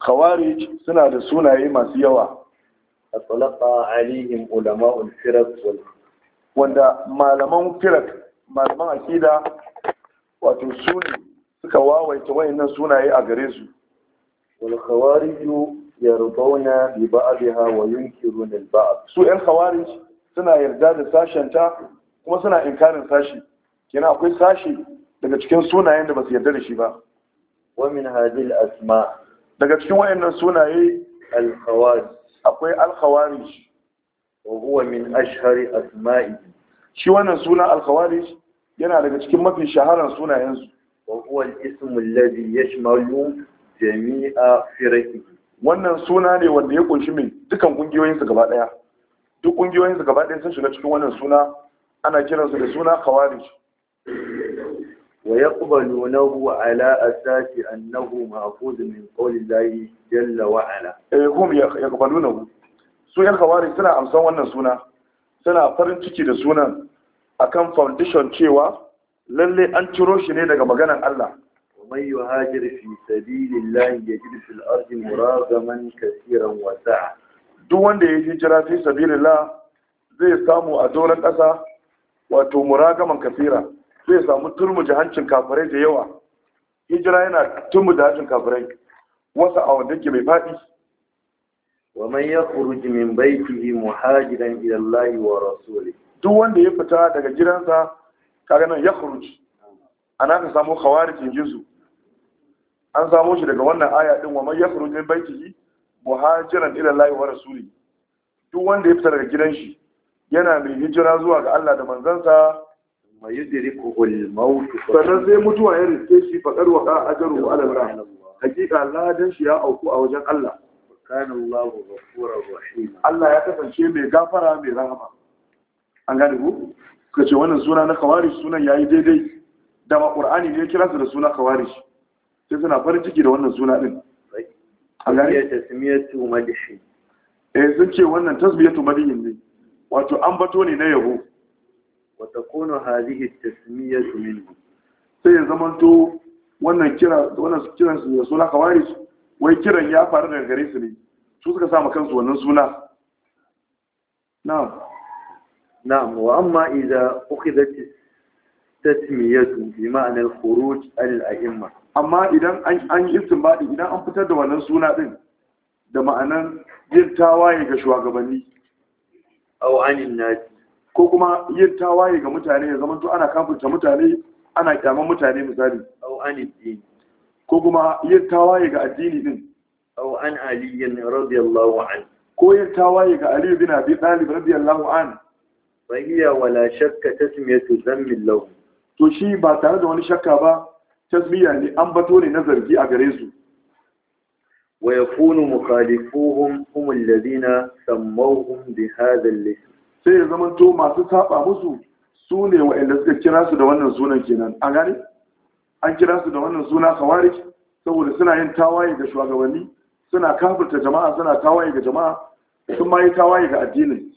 Kawari suna da sunaye masu yawa atlaka alaihim ulama'ul firak wanda malaman firak malaman akida wato su ne suka wawaita wayannan sunaye a gare su wal khawariju yardawna bi wa yunkiruna al ba'd su yan khawarij suna yarda da sashenta kuma suna inkarin sashi kina akwai sashi daga cikin sunayen da basu yarda da shi ba wa min hadhihi al asma daga cikin wayannan sunaye al khawarij akwai al-khawarij huwa min ashhari asma'i shi wannan sunan al yana daga cikin mafi shaharan sunayensu wa huwa al-ismu alladhi yashmalu jami'a firqi wannan suna ne wanda ya kunshi min dukan kungiyoyin su gaba daya duk kungiyoyin su gaba daya sun shiga cikin wannan suna ana kiransu da suna khawarij ويقبلونه على أساس أنه مأخوذ من قول الله جل وعلا هم يقبلونه su yan kawari suna amsa wannan suna suna farin ciki da sunan akan foundation cewa lallai an ciro shi ne daga maganar Allah ومن يهاجر في سبيل الله يجد في الأرض مراغما كثيرا وسعا duk wanda ya hijira fi sabilillah zai samu a doron ƙasa wato muragaman kasira zai samu da hancin kafirai da yawa hijira yana da hancin kafirai wasu a wanda ke mai faɗi wa man yakhruj min baytihi muhajiran ila Allah wa rasuli. duk wanda ya fita daga gidansa kaga nan yakhruj ana ka samu khawarijin jinsu. an samu shi daga wannan aya din wa man yakhruj min baytihi muhajiran ila Allah wa rasuli. duk wanda ya fita daga gidan shi yana mai hijira zuwa ga Allah da manzansa mai sannan sai mutuwa ya riske shi faɗar wa ka ajaru alallah hakika ladan shi ya auku a wajen Allah kana Allah ghafurur rahim ya kasance mai gafara mai rahama an gane ku kace wannan suna na kawari sunan yayi daidai da ma ne kira su da suna kawari sai suna farin ciki da wannan suna din an gane eh wannan ne wato an bato ne na yahu. وتكون هذه التسمية منه sai zaman to wannan kira wannan kiran su da suna kawaris wai kiran ya faru daga gare su ne su suka sa kansu wannan suna na'am na'am wa amma idza ukhidat tasmiyatu bi ma'na al-khuruj al-a'imma amma idan an an istinbadi idan an fitar da wannan suna din da ma'anan yin tawaye ga shugabanni aw anin nati ko kuma yin tawaye ga mutane ya zama to ana kafirta mutane ana kyaman mutane misali au an ko kuma yin tawaye ga addini din au an ali radiyallahu an ko yin tawaye ga ali bin abi talib radiyallahu an fa hiya wala shakka tasmiyatu dhammin lahu to shi ba tare da wani shakka ba tasmiya ne an bato ne na zargi a gare su wa yakunu mukhalifuhum hum alladhina sammawhum bi hadha al-ism sai ya zama to masu saba musu su ne wa'anda suka kira su da wannan sunan kenan a gane an kira su da wannan suna khawarij saboda suna yin tawaye ga shugabanni suna kafirta jama'a suna tawaye ga jama'a sun ma yi tawaye ga addinin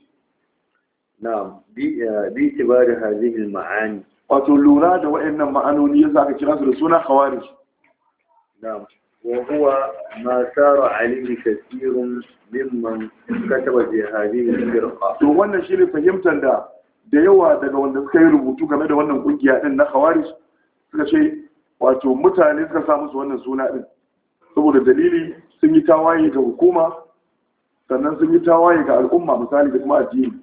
Na bi eh, tibari hadhihi al-ma'ani wato lura da wa'annan ma'anoni yasa aka kira su da suna khawarij Na. وهو ما سار عليه كثير ممن كتب في هذه الفرقه. to wannan ne fahimtar da da yawa daga wanda suka yi rubutu game da wannan kungiya din na khawarij suka ce wato mutane suka sa musu wannan suna din saboda dalili sun yi tawaye ga hukuma sannan sun yi tawaye ga al'umma misali da kuma addini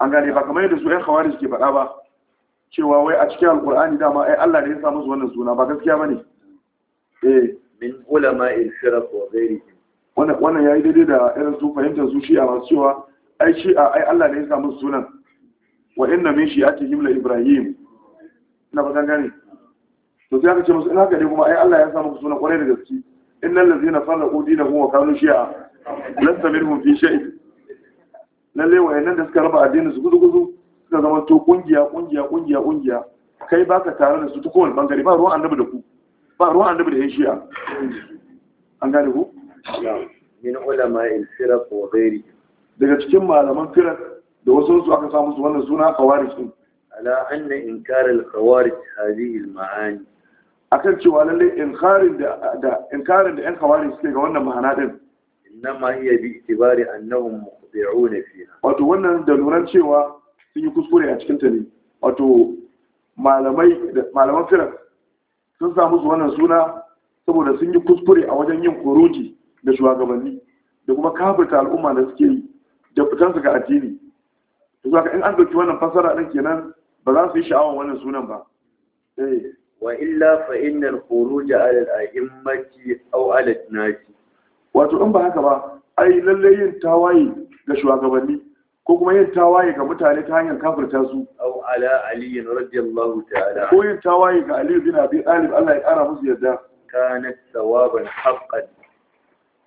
an gane ba kamar yadda su ƴan khawarij ke faɗa ba cewa wai a cikin Alƙur'ani dama ai Allah ne ya sa musu wannan suna ba gaskiya bane eh min ulama al-firq wa ghayrihim wannan wannan yayi daidai da irin su fahimtar su shi a masu cewa ai shi a ai Allah ne ya samu sunan wa inna min shi'atihim himla ibrahim ina ba gane to sai aka ce musu ina haka dai kuma ai Allah ya samu sunan kwarai da gaske innal ladzina farraqu dinahum wa kanu shi'a lasta minhum fi shay'in lalle wayannan da suka raba addinin su gudu-gudu suka zama to kungiya kungiya kungiya kungiya kai baka tare da su ta kowane bangare ba ruwan annabi da ku ba ruwan annabi da yan shi'a an gane ku min ulama al-firq wa ghairi daga cikin malaman firq da wasu su aka samu su wannan suna khawarij din ala anna inkar al-khawarij hadhihi al-ma'ani akan cewa lalle inkarin da da inkarin da yan khawarij suke ga wannan ma'ana din innama hiya bi itibari annahum muqti'un fiha wato wannan da lura cewa sun yi kuskure a cikin ta ne wato malamai malaman firq sun samu su wannan suna saboda sun yi kuskure a wajen yin kuruji da shugabanni da kuma kafirta al'umma da suke yi da su ga addini to saka in an dauki wannan fasara din kenan ba za su yi sha'awar wannan sunan ba eh wa illa fa innal khuruj ala al-a'immati aw ala an nasi wato in ba haka ba ai lalle yin tawaye ga shugabanni ko kuma yin tawaye ga mutane ta hanyar kafirta su aw ala ali radiyallahu ta'ala ko yin tawaye ga ali bin abi talib Allah ya kara musu yarda kana thawaban haqqan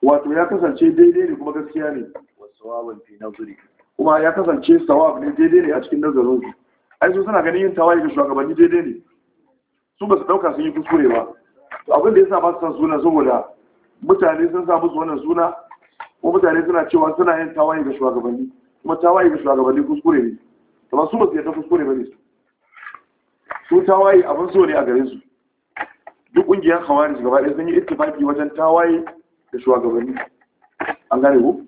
wato ya kasance daidai ne kuma gaskiya ne wa thawaban fi nazari kuma ya kasance thawab ne daidai ne a cikin nazarin su ai su suna ganin yin tawaye ga shugabanni daidai ne su ba su dauka sun yi kuskure ba to abin da yasa ba su san suna saboda mutane sun sa musu wannan suna ko mutane suna cewa suna yin tawaye ga shugabanni kuma tawaye ga shugabanni kuskure ne kamar su masu yadda kuskure ba ne su su tawaye abin so ne a gare su duk ƙungiyar hawari gaba ɗaya sun yi ittifaki wajen tawaye da shugabanni an gane ku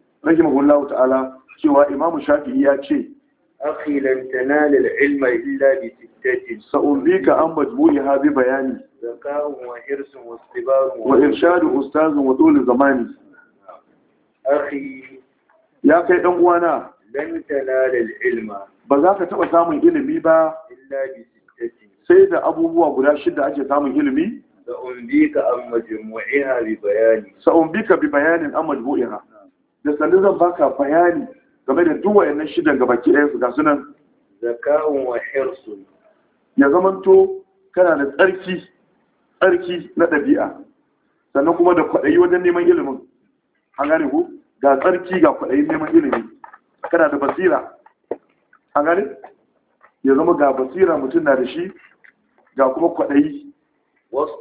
rahimahullahu ta'ala cewa imamu shafi'i ya ce akhi lan tanal al-ilma illa bi sittatin sa'ulika an majburi ha bi bayani zakahun wa hirsun wa istibarun wa irshadu ustazun wa dole zamani akhi ya kai dan uwana lan tanal al-ilma ba za ka taba samun ilimi ba illa bi sittatin sai da abubuwa guda shida ake samun ilimi sa'ulika an majmu'iha bi bayani sa'ulika bi bayanin an majmu'iha da sannu zan baka bayani game da duk wayannan shidan baki ɗaya ɗayansu ga sunan zaka'un wa hirsu ya zamanto kana da tsarki tsarki na ɗabi'a sannan kuma da kwaɗayi wajen neman ilimin an gane ku ga tsarki ga kwaɗayin neman ilimi kana da basira an gane ya zama ga basira mutum na da shi ga kuma kwaɗayi wasu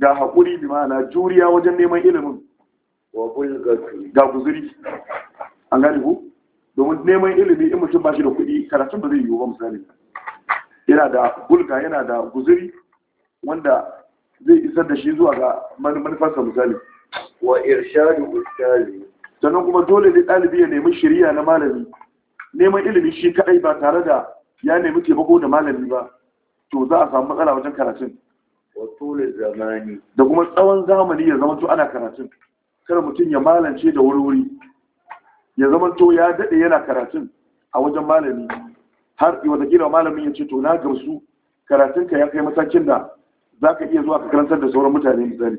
ga haƙuri bi ma'ana juriya wajen neman ilimin Wa ga guzuri an gane ku domin neman ilimi in mutum ba shi da kuɗi karatun ba zai yiwu ba misali yana da bulga yana da guzuri wanda zai isar da shi zuwa ga manufarsa misali wa irshadu ustazi sannan kuma dole ne ɗalibi ya nemi shiriya na malami neman ilimi shi kaɗai ba tare da ya nemi taimako da malami ba to za a samu matsala wajen karatun zamani. da kuma tsawon zamani ya zama to ana karatun kar mutum ya malance da wuri-wuri ya zama to ya daɗe yana karatun a wajen malami har gina malamin ya ce to na gamsu karatunka ya kai matakin da za ka iya zuwa ka karantar da sauran mutane misali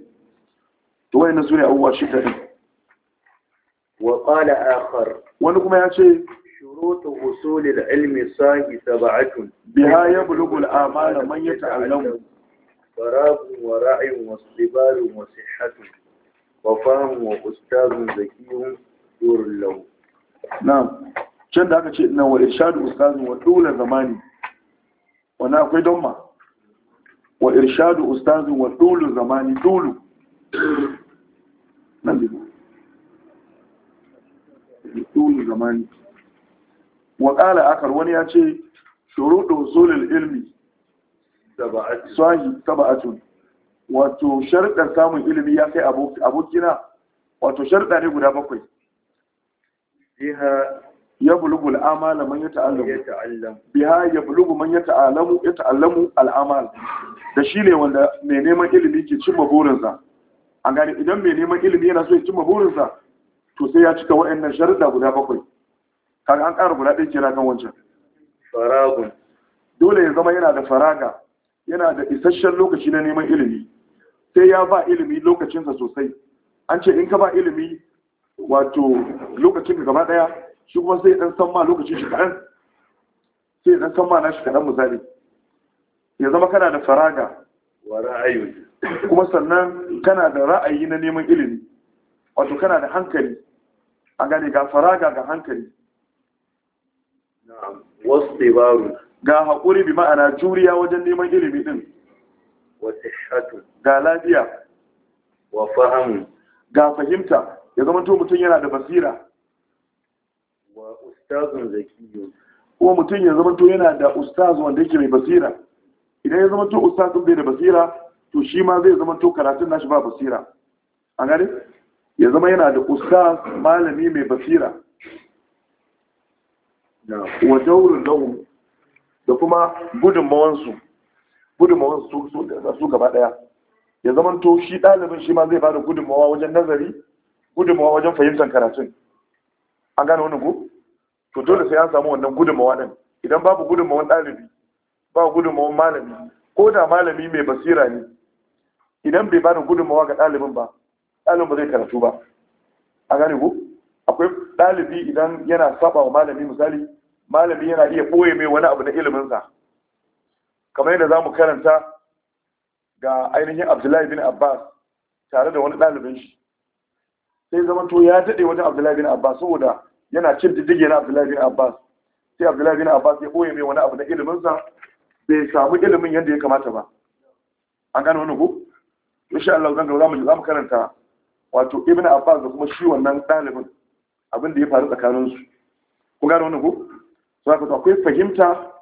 to wani na suri abubuwa shi kaɗan wa akhar wani kuma ya ce shurutu usulil ilmi sahi sab'atun biha ya al amala man yata'allamu faragh wa ra'y wa istibar wa sihhatun وفهم وأستاذ ذكي دور له نعم can da aka ce ina wa ustazin wa dole zamani wani akwai don ma wa ustazin wa dole zamani dole nan biyu dole zamani wa ƙala akar wani ya ce shuruɗin zolil ilmi saba'atun wato sharɗar samun ilimi ya kai abokina wato sharɗa ne guda bakwai ya bulugu al'amala man ya ta'allamu biha ya bulugu man ya ta'allamu ya ta'allamu al'amal da shi ne wanda mai neman ilimi ke cimma burinsa A gani idan mai neman ilimi yana so ya cimma burinsa to sai ya cika wa'annan sharɗa guda bakwai kaga an ƙara guda ɗaya kira kan wancan faragun dole ya zama yana da faraga yana da isasshen lokaci na neman ilimi sai ya ba ilimi lokacinsa sosai an ce in ka ba ilimi wato lokacin ka gaba daya shi kuma sai dan san ma lokacin shi kaɗan sai dan san ma na shi kaɗan misali ya zama kana da faraga wa ra'ayi kuma sannan kana da ra'ayi na neman ilimi wato kana da hankali a gane ga faraga ga hankali wasu dabaru ga haƙuri bi ma'ana juriya wajen neman ilimi din ga lafiya wa fahamu ga fahimta ya zama to mutum yana da basira wa ustazun zakiyu kuma mutum ya zama to yana da ustaz wanda yake mai basira idan ya zama to ustazun bai da basira to shi ma zai zama to karatun nashi ba basira an gare ya zama yana da ustaz malami mai basira wa dawrun lahum da kuma gudunmawansu gudunmawa su gaba daya ya zama to shi ɗalibin shi ma zai bada gudunmawa wajen nazari gudunmawa wajen fahimtar karatun an gane wani ku to dole sai an samu wannan gudunmawa ɗin idan babu gudunmawan ɗalibi ba gudunmawan malami ko da malami mai basira ne idan bai bada gudunmawa ga ɗalibin ba ɗalibin ba zai karatu ba an gane ku akwai ɗalibi idan yana saba wa malami misali malami yana iya ɓoye mai wani abu na iliminsa kamar yadda za mu karanta ga ainihin abdullahi bin abbas tare da wani ɗalibin shi sai zama to ya daɗe wajen abdullahi bin abbas saboda yana cin diddige na abdullahi bin abbas sai abdullahi bin abbas ya ɓoye mai wani abu na iliminsa bai samu ilimin yadda ya kamata ba an gano wani ku insha Allah zan ga za mu karanta wato ibn abbas da kuma shi wannan ɗalibin abin da ya faru tsakaninsu ku gano wani ku sai ku akwai fahimta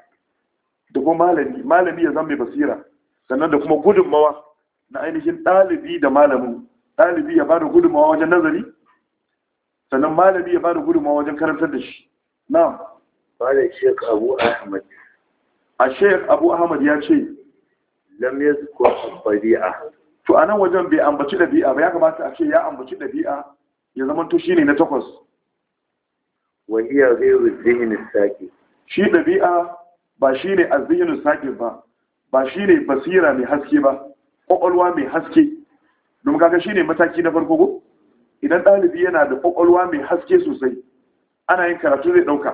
da kuma malami malami ya zama basira sannan da kuma gudunmawa na ainihin ɗalibi da malamin ɗalibi ya bada gudunmawa wajen nazari sannan malami ya bada gudunmawa wajen karantar da shi na malam shek abu ahmad a shek abu ahmad ya ce lam yazkur bari'a to a nan wajen bai ambaci ɗabi'a ba ya kamata a ce ya ambaci ɗabi'a ya zama to shine na takwas wahiyar gairu zihinin saki. shi ɗabi'a ba shi ne azinin saƙin ba ba shi ne basira mai haske ba ƙwaƙwalwa mai haske domin kaga shi ne mataki na farko idan ɗalibi yana da ƙwaƙwalwa mai haske sosai ana yin karatu zai ɗauka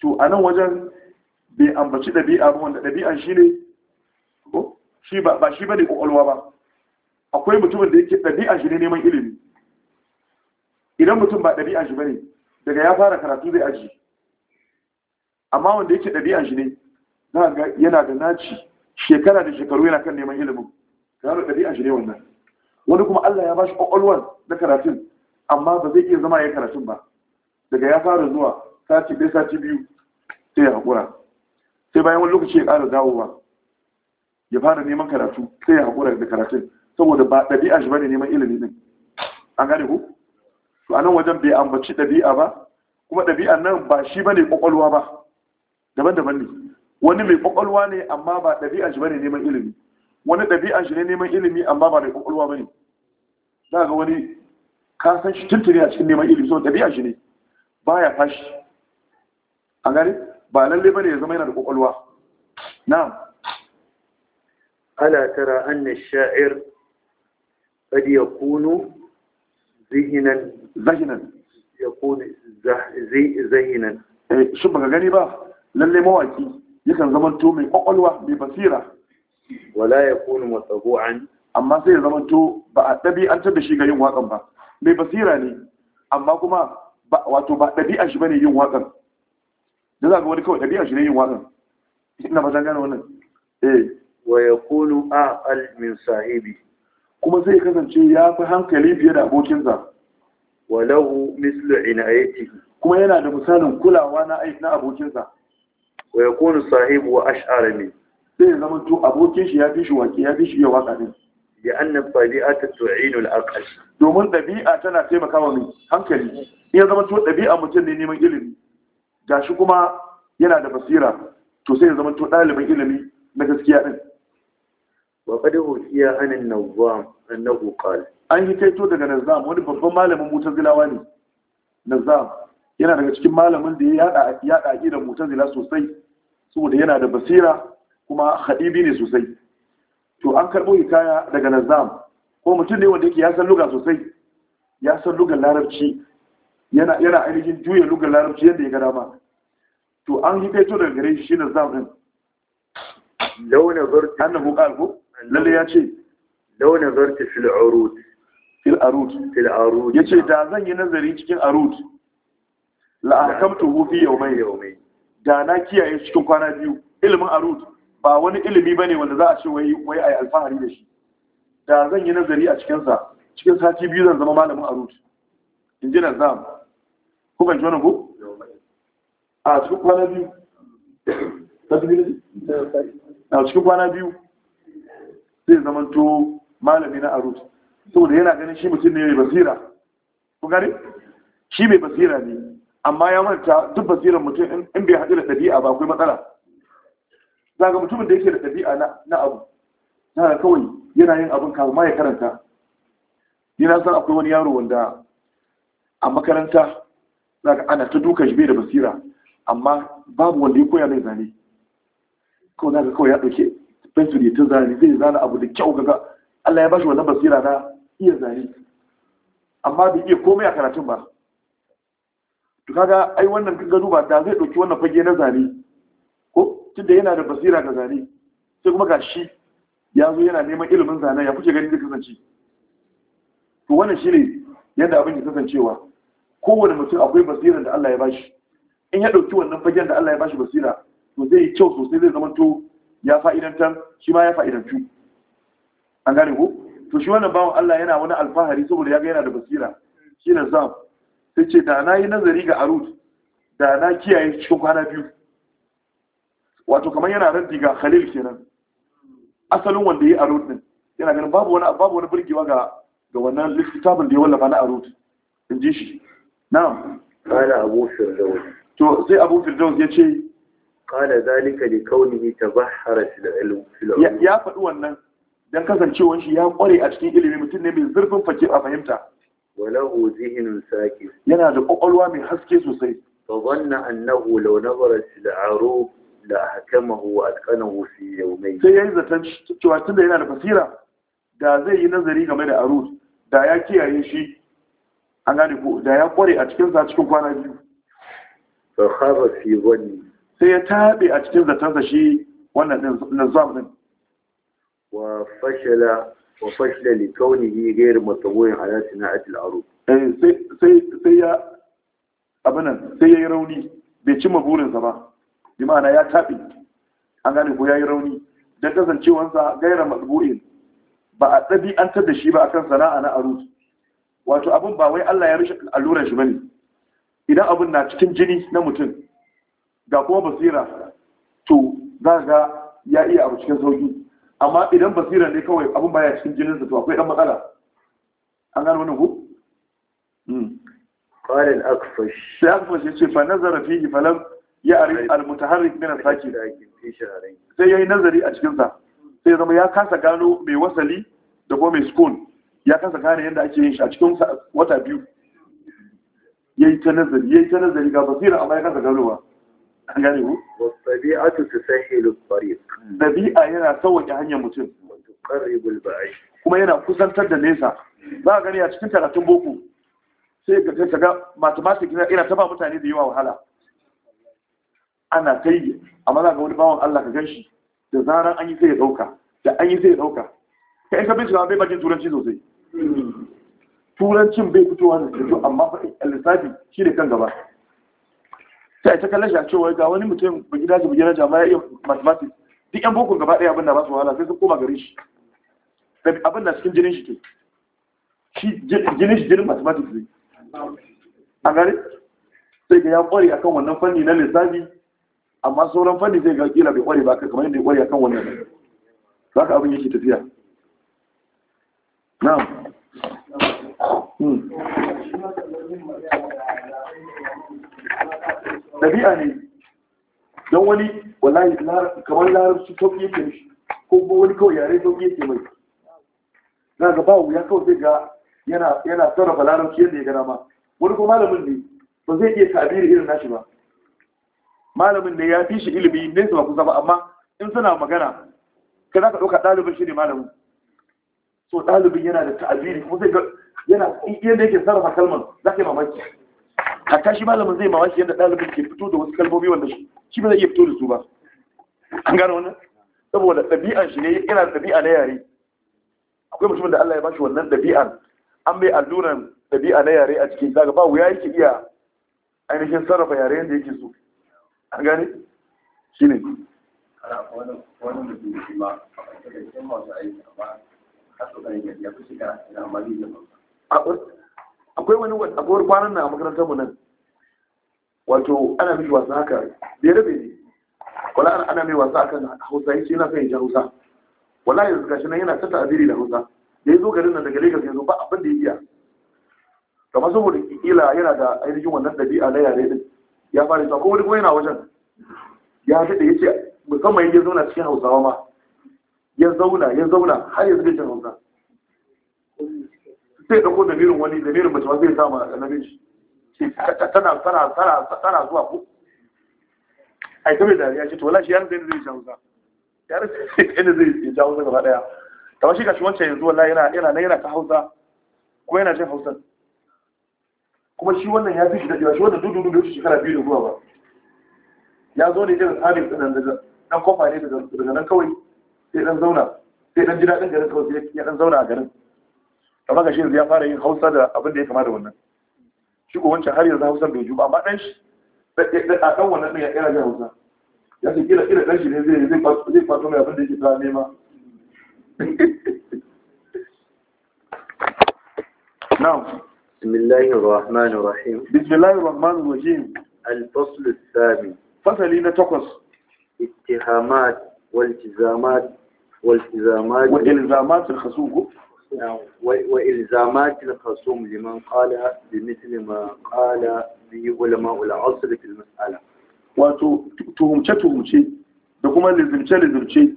to a nan wajen bai ambaci ɗabi'a ba wanda ɗabi'an shi ne ba shi ba ne ƙwaƙwalwa ba akwai mutumin da yake ɗabi'a shi ne neman ilimi idan mutum ba ɗabi'a shi ba ne daga ya fara karatu zai aji amma wanda yake ɗabi'a shi ne ga yana da naci shekara da shekaru yana kan neman ilimin gano ɗabi'an shi ne wannan wani kuma Allah ya ba shi ƙwaƙwalwar na karatun amma ba zai iya zama ya karatun ba daga ya fara zuwa sati bai sati biyu sai ya haƙura sai bayan wani lokaci ya ƙara dawowa ya fara neman karatu sai ya haƙura da karatun saboda ba ɗabi'a shi ne neman ilimi ne an gane ku to a wajen bai ambaci ɗabi'a ba kuma ɗabi'a nan ba shi ne ƙwaƙwalwa ba daban-daban ne wani mai kwakwalwa ne amma ba ɗabi'a shi ne neman ilimi wani ɗabi'a shi ne neman ilimi amma ba mai kwakwalwa ne. za ga wani kasan shi tuntuni a cikin neman ilimi so ɗabi'a shi ne baya fashi a gari ba lalle ne ya zama yana da kwakwalwa na'am ala tara anna sha'ir qad yakunu zihinan zahinan yakunu zahinan eh, shin baka gani ba lalle mawaki yakan zama to mai kwakwalwa mai basira wala ya kunu masabu'an amma sai ya zama to ba a ɗabi'antar da shi ga yin waƙan ba mai basira ne amma kuma wato ba ɗabi'a shi bane yin waƙan da za ga wani kawai ɗabi'a shi ne yin waƙan ina ba ta gane wannan eh wa ya kunu al min sahibi kuma zai kasance ya fi hankali fiye da abokinsa walahu mislu inayatihi kuma yana da misalin kulawa na abokinsa wa yakunu sahibu wa ash'ara min sai ya zama to abokin shi ya fi shi wake ya fi shi iya waka din ya anna tabi'ata tu'inu al-aql domin dabi'a tana taimakawa mai hankali in ya zama to dabi'a mutum ne neman ilimi gashi kuma yana da basira to sai ya zama to ɗalibin ilimi na gaskiya din wa qad hukiya an nazam nawwam annahu qala an yi taito daga nazam wani babban malamin mutazilawa ne nazam yana daga cikin malamin da ya yada da aqidar mutazila sosai saboda yana da basira kuma hadibi ne sosai to an karbo hikaya daga nazam ko mutum ne wanda yake ya san luga sosai ya san lugar larabci yana yana ainihin juya lugar larabci yadda ya ga dama to an to daga gare shi nazam din launa zarti annahu qal ko lalle ya ce launa zarti fil arud fil arud fil arud yace da zan yi nazari cikin arud la ahkamtuhu fi yawmayn yawmayn da na kiyaye cikin kwana biyu ilimin arut ba wani ilimi ba ne wanda za a ce wai a yi alfahari da shi da zan yi nazari a cikinsa cikin sati biyu zan zama malamin arut. in ji nazam ku ban wani ku a cikin kwana biyu a cikin kwana biyu zai zama to malami na arut. saboda yana ganin shi mutum ne mai basira ku gani shi mai basira ne amma ya manta duk basirar mutum in bai haɗu da ɗabi'a ba akwai matsala za ka mutumin da yake da ɗabi'a na abu na kawai yana yin abin kama ya karanta yana san akwai wani yaro wanda a makaranta za ka ana ta duka shi bai da basira amma babu wanda ya koya mai zane kawai za ka kawai ya ɗauke pencil ya ta zane zai zana abu da kyau gaga Allah ya bashi wannan basira na iya zane amma bai iya komai a karatun ba to kaga ai wannan kaga duba da zai dauki wannan fage na zane ko tunda yana da basira ga zane sai kuma ga shi ya zo yana neman ilimin zane ya kuce gani zai kasance to wannan shine yadda abin ya kasancewa kowane mutum akwai basira da Allah ya bashi in ya dauki wannan fagen da Allah ya bashi basira to zai yi kyau sosai zai zama to ya fa'idantar shi ma ya fa'idantu an gane ko to shi wannan bawan Allah yana wani alfahari saboda ya ga yana da basira shi ne zam sai ce da na yi nazari ga Arut da na kiyaye cikin kwana biyu wato kamar yana raddi ga khalil kenan asalin wanda ya Arut din yana ganin babu wani babu wani burgewa ga ga wannan littafin da ya wallafa na Arut. in ji shi na'am kana abu firdaus to sai abu firdaus ya ce kana zalika li kaunihi tabahhara fil ilm ya faɗi wannan dan kasancewar shi ya kware a cikin ilimi mutum ne mai zurfin fake a fahimta وله ذهن ساكت ينا ده قلوة من حسكي سوسي فظن أنه لو نظر العروب لأحكمه وأتقنه في يومين سيئي إذا تشوهتن ده ينا ده بصيرة ده زي نظري كمان عروض da ya kiyaye shi an gane ko da ya kware a cikin sa cikin kwana biyu fa khaba fi wani sai ya taɓe a cikin zatansa shi wannan din nizam din wa وفشل لكونه غير kaunihi على صناعة العروض sana'ati سي aruf سي sai ya abinan rauni bai cimma burinsa ba bi ya tabi an gane ko yayi rauni dan kasancewansa gaira matbu'in ba a ɗabi'antar da shi ba akan sana'a na arus wato abin ba wai Allah ya rushe allurar shi bane idan abun na cikin jini na mutum ga kuma basira to za ga ya iya abu cikin sauki amma idan basira ne kawai abin baya cikin jininsa to akwai dan matsala an gano wannan ku قال الأكفش الأكفش يقول فنظر ya'rif al mutaharrik min al الساكن sai yayi nazari a cikin sa sai zama ya kasa gano mai wasali da kuma mai sukun ya kasa gane yadda ake yin shi a cikin wata biyu yayi ta nazari yayi ta nazari ga basira amma ya kasa ganowa an gane ku wasabi'atu tusahhilu at-tariq dabi'a yana sauke hanyar mutum kuma yana kusantar da nesa za a gani a cikin talatin boko sai ka ta ga mathematics yana ta ba mutane da yawa wahala ana ta yi amma za ka wani bawan Allah ka gan shi da zaran an yi sai ya dauka da an yi sai ya dauka ka in ka bin bai bakin turanci sosai hmm. turancin bai fitowa da amma lissafi shi ne kan gaba sai ta kallashi shi a cewa ga wani mutum ba gida ji bugira jama'a ya iya mathematics duk yan boko gaba ɗaya abin da ba su wahala sai sun koma gare shi abin da cikin jinin shi ke shi jinin shi jinin mathematics ne a gare sai ga ya kware akan wannan fanni na lissafi amma sauran fanni zai ga kila bai kware ba ka kamar yadda ya kware akan wannan za ka abin yake tafiya na'am hmm. ɗabi'a ne don wani wallahi kamar larabci sauƙi yake mishi ko wani kawai yare sauƙi yake mai na ga ba wuya kawai zai ga yana sarrafa larabci yadda ya gana ma wani ko malamin ne ba zai iya tabiri irin nashi ba malamin ne ya fi shi ilimi nesa ba kusa ba amma in suna magana ka za ka ɗauka ɗalibin shi ne malamin so ɗalibin yana da ta'abiri kuma zai ga yana yadda yake sarrafa kalmar za ka yi mamaki hatta shi malamin zai mawaki yadda ɗalibin ke fito da wasu kalmomi wanda shi ba zai iya fito da su ba an gano wannan saboda ɗabi'an shi ne yana da ɗabi'a na yare akwai mutumin da Allah ya bashi wannan ɗabi'an an bai alluran ɗabi'a na yare a cikin zaga ba wuya yake iya ainihin sarrafa yare yadda yake so an gane shi ne a akwai wani akwai kwanan na a makarantar mu nan wato ana mishi wasa haka da bere wala ana mai wasa akan hausa yace yana son ya ji hausa wala yanzu gashi nan yana ta ta'abiri da hausa da ya zo garin nan daga Lagos yanzu ba abin da ya biya. kamar saboda kila yana da ainihin wannan dabi'a na yare din ya fara ta ko wani kuma yana wajen ya fi da yace musamman ya zauna cikin Hausawa ma ya zauna ya zauna har yanzu bai jin Hausa sai ɗauko damirin wani damirin mace ma zai sa da namiji tana tana tana tana zuwa ko ai ta mai dariya ce to wala shi yaran zai zai jawo za yaran zai zai jawo za gaba daya ta washi gashi wancan yanzu wallahi yana yana yana ta hausa kuma yana jin hausa kuma shi wannan ya fi shi dadewa shi wannan dudu dudu da shekara biyu da zuwa ba ya zo ne daga sabis ɗin daga ɗan kofa ne daga nan kawai sai ɗan zauna sai ɗan ji daɗin garin kawai sai ya ɗan zauna a garin kama ga shi ya fara yin hausa da abin da ya kama da wannan shi ko wancan har yanzu hausar bai ba amma ɗan shi a ɗan wannan ɗin ya ƙera ga hausa ya ce kila kila ɗan shi ne zai zai zai kwato mai abin da yake ta nema na'am بسم al الرحمن الرحيم بسم الله الرحمن الرحيم الفصل الثاني فصلين تقص اتهامات والتزامات والتزامات والتزامات الخصوم وإلزامات الخصوم لمن قال بمثل ما قال به علماء العصر في المسألة wato tuhumce-tuhumce da kuma lizimce-lizimce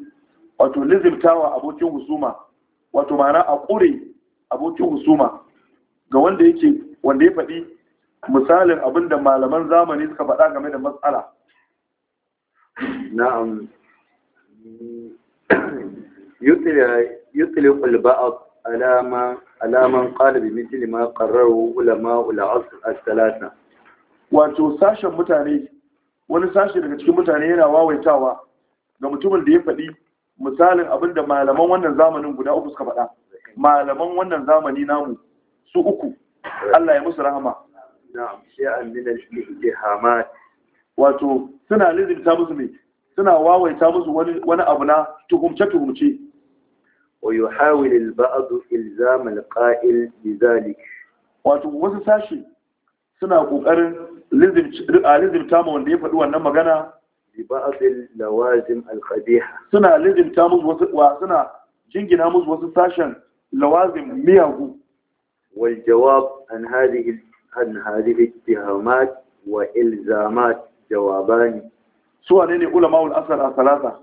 wato lizimtawa abokin husuma wato mana a ƙure abokin husuma ga wanda yake wanda ya faɗi misalin abin da malaman zamani suka faɗa game da matsala na'am yutile kulba'ad alaman ƙalibi mitili ma ƙararru ulama ula'asir a talata wato sashen mutane wani sashe daga cikin mutane yana wawaitawa ga mutumin da ya faɗi misalin abin da malaman wannan zamanin guda uku suka faɗa malaman wannan zamani namu su uku Allah ya musu rahama wato suna ta musu mai, suna wawaita musu wani abu na tuhumce-tuhumce ويحاول البعض إلزام القائل بذلك wasu sashi suna kokarin lizimta ma wanda ya faɗi wannan magana bi ba'dil lawazim al qabiha suna lizimta musu wasu wa suna jingina musu wasu sashen lawazim miyagu wal jawab an hadhihi an hadhihi ittihamat wa ilzamat jawabani su ne ulama al asar a salasa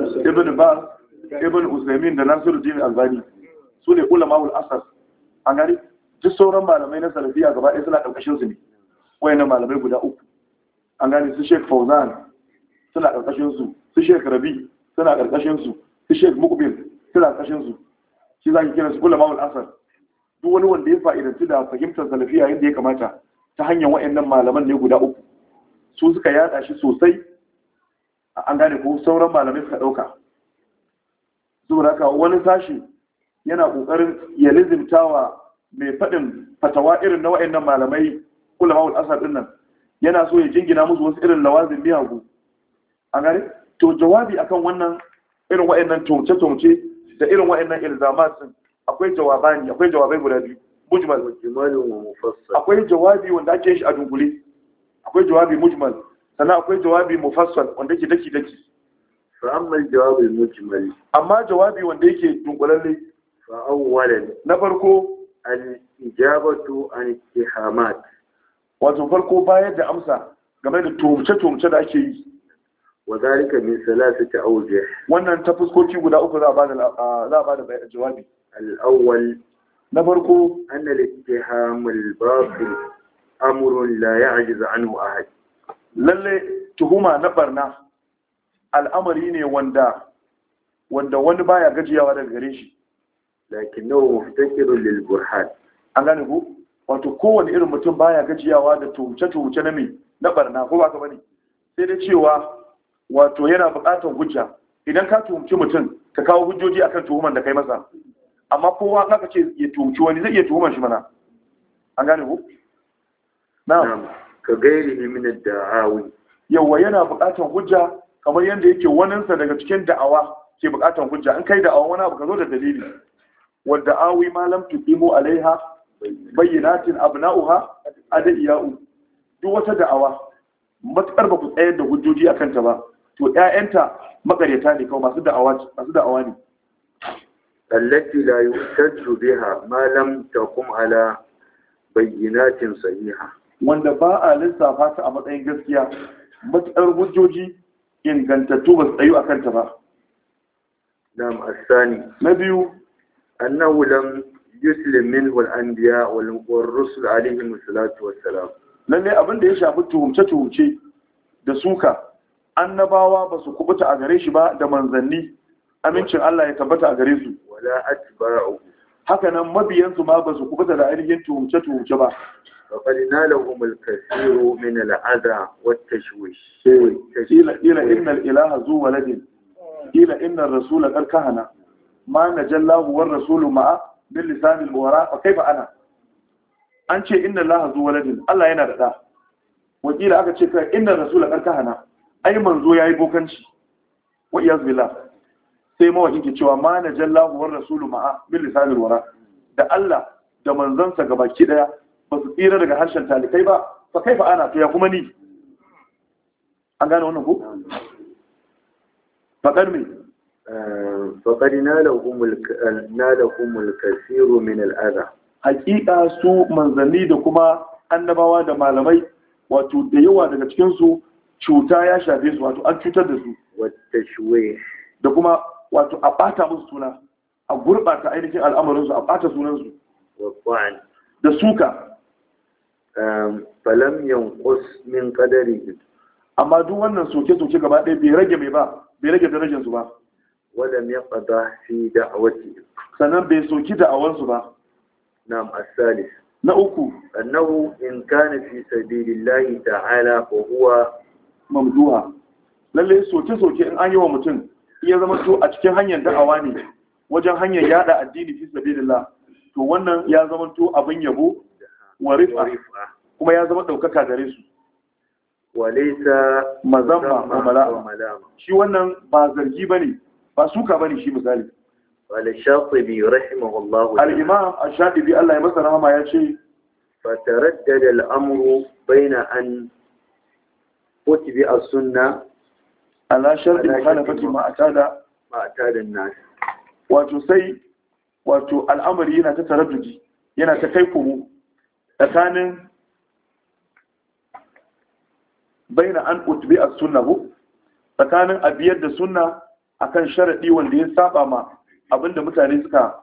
ibn ba ibn usaimin da nasiruddin albani su ne ulama ul asar A gani duk sauran malamai na salafiya gaba ɗaya suna ɗaukashin su ne na malamai guda uku A gani su sheik fauzan suna ɗaukashin su su sheik rabi suna ƙarƙashin su su sheik mukbil suna ƙarƙashin su shi za ki kira su ulama ul asar duk wani wanda ya fa'idanci da fahimtar salafiya yadda ya kamata ta hanyar wa'annan malaman ne guda uku su suka yada shi sosai an gane ko sauran malamai suka ɗauka zuwa haka wani sashi yana ƙoƙarin ya lizimtawa mai faɗin fatawa irin na wa'annan malamai ulama'ul asar ɗin nan yana so ya jingina musu wasu irin lawazin miyagu a gari to jawabi akan wannan irin wa'annan tumce-tumce da irin wa'annan ilzamat din akwai jawabani akwai jawabai guda biyu mujmal akwai jawabi wanda ake shi a dungule akwai jawabi mujmal sannan akwai jawabi mufassal wanda yake daki daki fa amma jawabi mujmal amma jawabi wanda yake dunkulalle fa awwalan na farko al ijabatu an ittihamat wato farko bayar da amsa game da tumce tumce da ake yi wa zalika min salasati awjih wannan ta fuskoki guda uku za a bada za a bada jawabi al awwal na farko annal ittihamul batil amrun la ya'jizu anhu ahad lalle tuhuma na barna al'amari ne wanda wanda wani baya gajiyawa daga gare shi lakin nawa muftakirun lil burhan an gane ku wato kowane irin mutum baya gajiyawa da tuhumce-tuhumce na mai na barna ko ba ka bane sai dai cewa wato yana buƙatar hujja idan ka tuhumci mutum ka kawo hujjoji akan tuhuman da kai masa amma kowa ka ce ya tuhumci wani zai iya tuhuman shi mana an gane ku na'am ka gairi min da'awi yawa yana buƙatar hujja kamar yadda yake waninsa daga cikin da'awa ke buƙatar hujja in kai da'awa wani abu ka zo da dalili wadda awi malam tuqimu alaiha bayyinatin abna'uha adiyau duk wata da'awa matakar ba ku tsayar da hujjoji a kanta ba to ƴaƴanta makaryata ne kawai masu da'awa masu da'awa ne allati la yuhtaju biha ma lam taqum ala bayyinatin sahiha wanda ba a lissafa ta a matsayin gaskiya matsayar hujjoji ingantattu ba su tsayu a kanta ba na'am asani na biyu annahu lam yuslim minhu al-anbiya wal rusul alaihim salatu wassalam lalle abin da ya shafi tuhumce tuhumce da suka annabawa ba su kubuta a gare shi ba da manzanni amincin Allah ya tabbata a gare su wala atba'u haka nan mabiyansu ma ba su kubuta da ainihin tuhumce tuhumce ba فقد نالهم الكثير من الأذى والتشويش قيل إن الإله ذو ولد قيل إن الرسول الكهنة ما نجى الله والرسول معه من الوراء فكيف أنا أنت إن الله ذو ولد الله ينادى وقيل aka ce kai inna rasul alkahana ai manzo yayi bokanci wa iyaz billah sai mawakin cewa ma najallahu war rasulu ma'a bil lisanil wara da Allah da manzansa baki daya ba su tsira daga harshen talikai ba fa fa ana to ya kuma ni an gane wannan ku? faɗar mai faɗari na lahumul kasiru min al'ada hakika su manzanni da kuma annabawa da malamai wato da yawa daga cikinsu cuta ya shafe su wato an cutar da su Wata da kuma wato a ɓata musu suna a gurɓata ainihin al'amarinsu a ɓata sunansu da suka Ehm, falam yanqus min qadarihi amma duk wannan soke-soke gaba ɗaya bai rage mai ba bai rage darajar su ba walam yaqda fi da'wati Sannan bai soki da'awar su ba Na as na uku annahu in kana fi sabilillahi ta'ala ko huwa mamduha lalle soke-soke in an yi wa mutum iya zama to a cikin hanyar da'awa ne wajen hanyar yada addini fi sabilillah to wannan ya zama to abin yabo wa rifa kuma ya zama ɗaukaka gare su walaita mazamma wa malama shi wannan ba zargi bane ba suka bane shi misali al-shatibi rahimahullahu al-imam ash-shatibi Allah ya masa rahama ya ce fataraddada al-amru baina an utibi as-sunna ala sharti mukhalafati ma atada ma atada an-nas wato sai wato al'amari yana ta taraddudi yana ta kai komo tsakanin baina an utbi a suna bu tsakanin abiyar da suna a kan sharaɗi wanda ya saba ma abinda mutane suka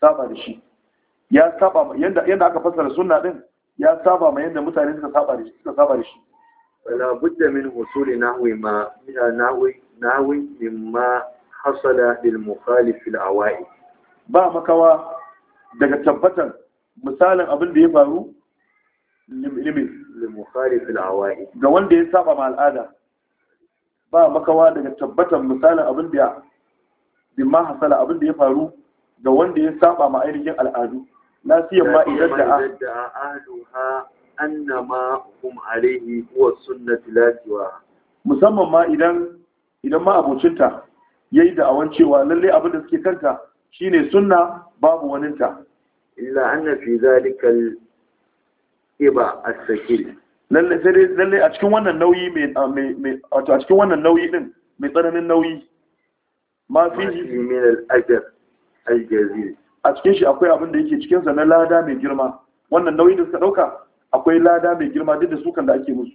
saba da shi ya saba ma yadda aka fasara suna ɗin ya saba ma yadda mutane suka saba da shi suka saba da shi wala budda min husuli nahwi ma min nahwi nahwi mimma hasala lil mukhalif fil awai ba makawa daga tabbatan misalin abin da ya faru limin limukhalif al ga wanda ya saba ma al'ada ba makawa daga tabbatar misalin abin da bimma hasala abin da ya faru ga wanda ya saba ma ainihin al'adu la siyan ma idan da ahluha annama hum alayhi huwa sunnati la musamman ma idan idan ma abocinta yayi da awan cewa lalle abin da suke kanta shine sunna babu waninta illa anna fi zalikal iba as-sakil lalle a cikin wannan nauyi mai a cikin wannan nauyi din mai tsananin nauyi ma fi min al al-jazil a cikin shi akwai abin da yake cikin sa na lada mai girma wannan nauyi da suka dauka akwai lada mai girma duk da sukan da ake musu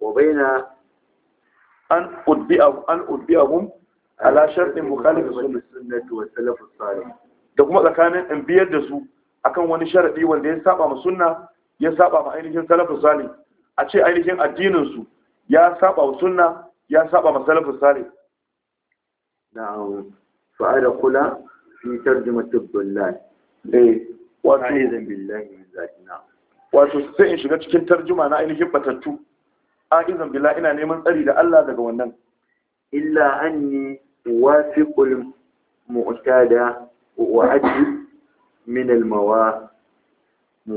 wa baina an udbi'a an udbi'ahum ɗin shartin mukhalif sunnati wa salaf as-salih da kuma tsakanin in biyar da su akan wani sharadi wanda ya saba ma sunna ya saba ma ainihin salafus salih a ce ainihin addinin su ya saba wa sunna ya saba ma salafus salih na'am fa'ada kula fi tarjumatul dullal eh wato izin billahi min zatina wato sai in shiga cikin tarjuma na ainihin batattu a izin billahi ina neman tsari da Allah daga wannan illa anni wafiqul mu'tada wa ajib min al-mawa Eh, sai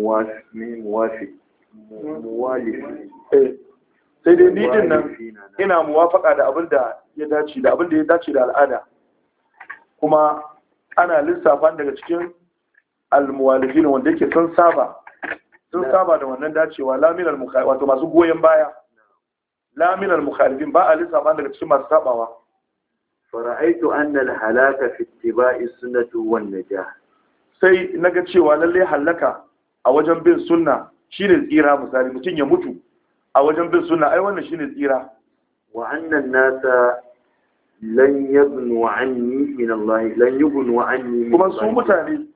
dai ni din nan ina muwafaka da abin da ya dace da abin da ya dace da al'ada kuma ana lissafa daga cikin almuwalifin wanda yake sun saba sun saba da wannan dacewa laminal mukhalif wato masu goyen baya laminal mukhalifin ba a lissafa daga cikin masu sabawa fara'aitu anna al-halaka fi ittiba'i sunnati wan najah sai naga cewa lalle halaka a wajen bin sunna shine tsira misali mutum ya mutu a wajen bin sunna ai wannan shine tsira wa annan nasa lan yabnu anni min Allah lan yabnu anni kuma su mutane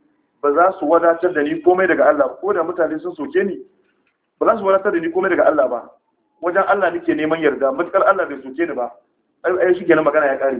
ba za su wadatar da ni komai daga Allah ko da mutane sun soke ni ba za su wadatar da ni komai daga Allah ba wajen Allah nake neman yarda mutkar Allah bai soke ni ba ai ai shi kenan magana ya kare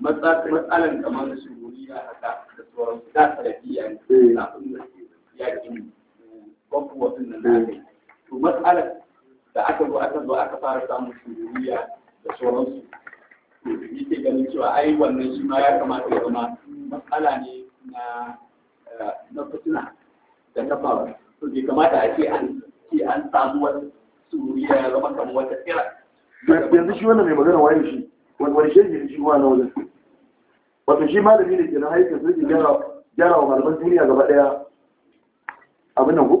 matsalan kamar su wuriya haka da tsoron su da salafiya ne eh. kafin eh, da yakin babu waɗin nan na kai to matsalan da aka zo aka zo aka fara samun shuriya da tsoron sauransu to yake ganin cewa ai wannan shi ma ya kamata ya zama matsala ne na eh, na fitina da ta faru to bai kamata a ce an ce an samu wani suriya ya zama kamar wata kira yanzu shi wannan mai magana wani shi wani shi ne shi wani wajen wato shi malami ne ke na haifin su ke gyara wa malaman duniya gaba ɗaya abin nan ku?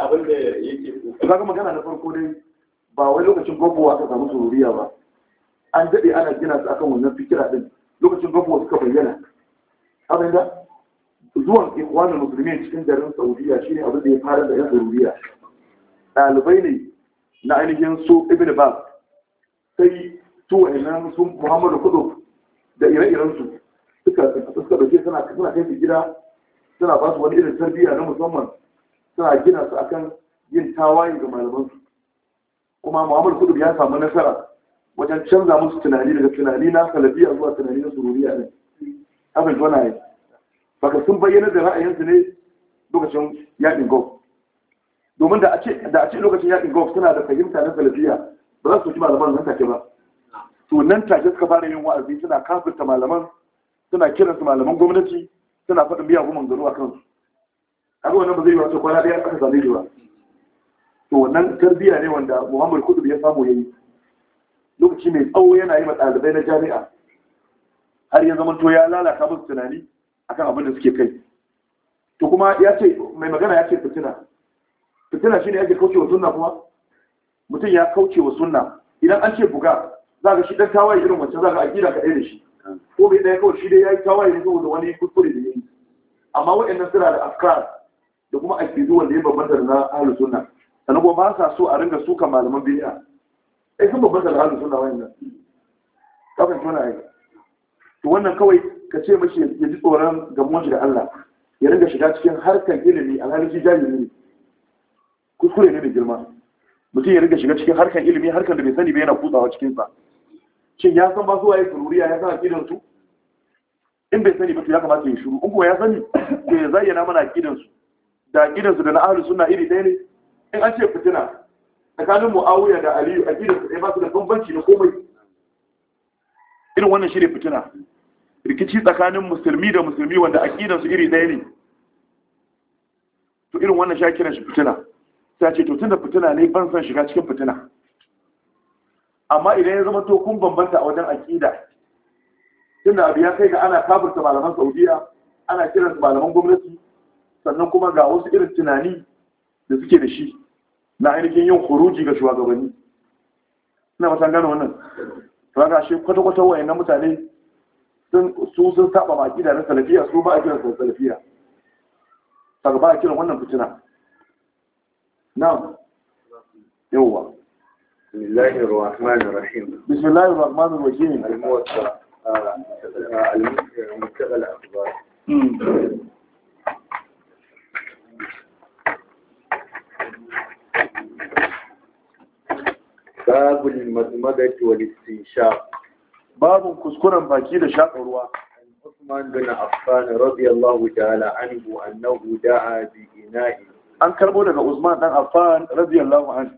abin da yake zaka magana na farko dai ba wai lokacin gwagwa aka samu sururiya ba an daɗe ana gina su akan wannan fikira din. lokacin gwagwa suka bayyana abin da zuwan ikwanin musulmi cikin garin saudiya shine abin da ya fara da yan sururiya ɗalibai ne na ainihin su ibn bas sai su wa'annan su muhammadu kudu da ire-irensu suka suka dauke suna suna kai su gida suna ba su wani irin tarbiyya na musamman suna gina su akan yin tawaye ga malamansu kuma muhammadu kudu ya samu nasara wajen canza musu tunani daga tunani na salafiya zuwa tunani na sururiya ne abin zuwa baka sun bayyana da ra'ayinsu ne lokacin yaƙin gulf domin da a ce lokacin yaƙin gulf suna da fahimta na salafiya ba za su ci malaman nan take ba to nan take suka fara yin wa'azi suna kafirta malaman suna kiransu malaman gwamnati suna faɗin biya goma gano a kansu haka wannan ba zai yi wata kwana ɗaya aka same shi ba to wannan tarbiyya ne wanda muhammad kudub ya samu ya yi lokaci mai tsawo yana yi ma ɗalibai na jami'a har ya zama to ya lalata musu tunani akan abin da suke kai to kuma ya ce mai magana ya ce fitina fitina shine ake kauce wa sunna kuma mutum ya kauce wa sunna idan an ce buga za ka shi dan tawaye irin wancan za ka akida ka ɗaya da shi ko bai ɗaya kawai shi dai ya yi tawaye ne saboda wani kuskure da ya yi amma waɗannan suna da afkar da kuma akidu wanda ya bambanta da na ahlus sunna sannan kuma ba sa so a ringa suka malaman bid'a ai sun bambanta da ahlus sunna wayannan kafin tona yi. to wannan kawai ka ce mashi ya ji tsoron gamuwar shi da Allah ya ringa shiga cikin harkar ilimi halin shi jahili ne kuskure ne da girma mutum ya ringa shiga cikin harkar ilimi harkar da bai sani ba yana kutsawa cikin sa shin ya san ba su waye kururiya ya san akidan su in bai sani ba to ya kamata ya shiru in kuma ya sani to ya zayyana mana akidan su da akidan su da na ahlus sunna iri ɗaya ne in an ce fitina tsakanin muawiya da aliyu akidan su ɗaya ba su da bambanci na komai irin wannan shi ne fitina rikici tsakanin musulmi da musulmi wanda akidan su iri ɗaya ne to irin wannan shakiran shi fitina sai ce to tunda fitina ne ban san shiga cikin fitina amma idan ya zama to kun bambanta a wajen aƙida tunda abu ya kai ga ana kafirta malaman saudiya ana kiran malaman gwamnati sannan kuma ga wasu irin tunani da suke da shi na ainihin yin kuruji ga shugabanni ina matan gano wannan raga shi kwata-kwata wayan na mutane su sun saba ma da na salafiya su ba a kiran sa salafiya daga ba a kiran wannan fitina na yawwa بسم الله الرحمن الرحيم بسم الله الرحمن الرحيم الموسع المنتقى الأخبار باب المضمضة والاستنشاق باب كسكرا باكي لشاق الرواق عثمان بن عفان رضي الله تعالى عنه أنه دعا بإناء أنكر بولك عثمان بن عفان رضي الله عنه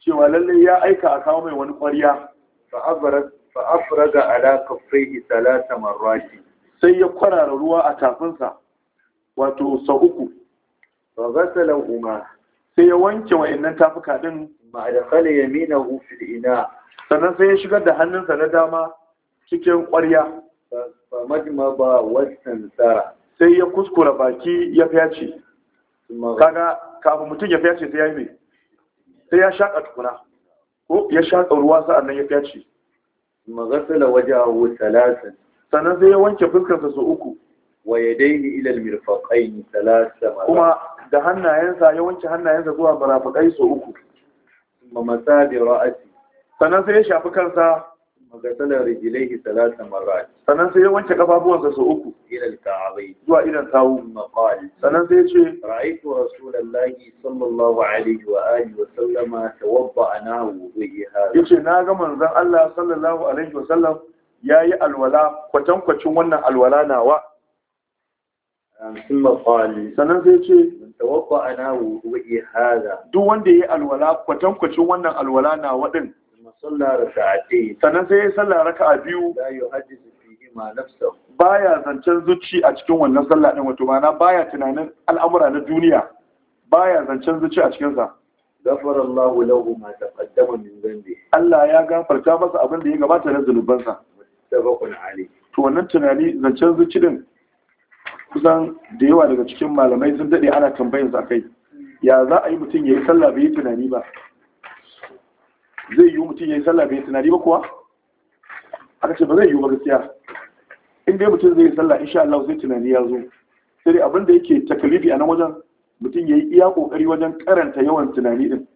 cewa lallai ya aika a kawo mai wani ƙwarya fa afraga ala fai salata marwaki sai ya kwarara ruwa a tafinsa wato sau uku ba ghasala huma sai ya wanke wa'annan tafuka din ma mina hufi da ina sannan sai ya shigar da hannunsa na dama cikin ƙwarya ba majima ba wasan tsara. sai ya kuskura baki ya ce kaga kafin mutum ya ce sai ya yi mai sai ya shaƙa tukuna ko ya shaƙa ruwa sa'an nan ya fyace a wajahu salasan sannan sai ya wanke fuskarsa su uku wa yadayhi ila almirfaqayn salasa kuma da hannayensa ya wanke hannayensa zuwa marafiqai su uku mamasa bi ra'asi sannan sai ya shafi kansa Magasala rijilaihi salasa marrat. Sannan sai ya wanke kafafuwansa sau uku. Ilal ka'abai. Zuwa idan sawu. Maqal. Sannan sai ya ce. Ra'aitu Rasulallahi sallallahu alaihi wa alihi wa sallama tawadda'a na wudu'i hada. Yace na ga manzon Allah sallallahu alaihi wa sallam yayi alwala kwatankwacin wannan alwala nawa. Um, thumma qal. Sannan sai ya ce. Tawadda'a na wudu'i hada. Duk wanda yayi alwala kwatankwacin wannan alwala nawa din. sannan sai ya sallah a biyu baya zancen zuci a cikin wannan sallah din wato ma'ana baya tunanin al'amura na duniya baya zancen zuci a cikinsa. sa ghafara Allahu lahu ma taqaddama min dhanbi Allah ya gafarta masa abin da ya gabata na zunubansa muttafaqun alayh to wannan tunani zancen zuci din kusan da yawa daga cikin malamai sun dade ana tambayar sa kai ya za a yi mutum ya yi sallah bai yi tunani ba zai yi mutum ya yi sallah bai tunani ba kuwa a ce ba zai yi ba gaskiya in dai mutum zai yi sallah insha Allah zai tunani ya zo sai abin da yake takalifi a nan wajen mutum ya yi iya kokari wajen karanta yawan tunani din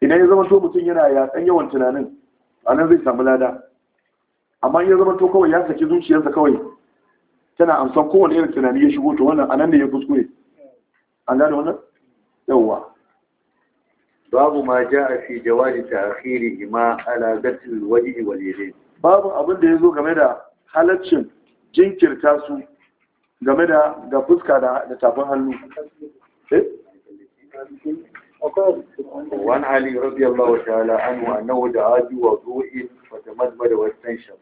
idan ya zama to mutum yana yatsan yawan tunanin a nan zai samu lada amma ya zama to kawai ya saki zuciyarsa kawai tana amsan kowane irin tunani ya shigo to wannan a nan ne ya kuskure an gane wannan yawwa babu ma ja a fi jawazi ta'khirihima ala ghasl alwajhi wal yadayn babu abin da ya zo game da halaccin jinkirta su game da ga fuska da da tafin hannu Wani eh وعن علي رضي الله تعالى عنه أنه دعا بوضوء فتمدمد واستنشق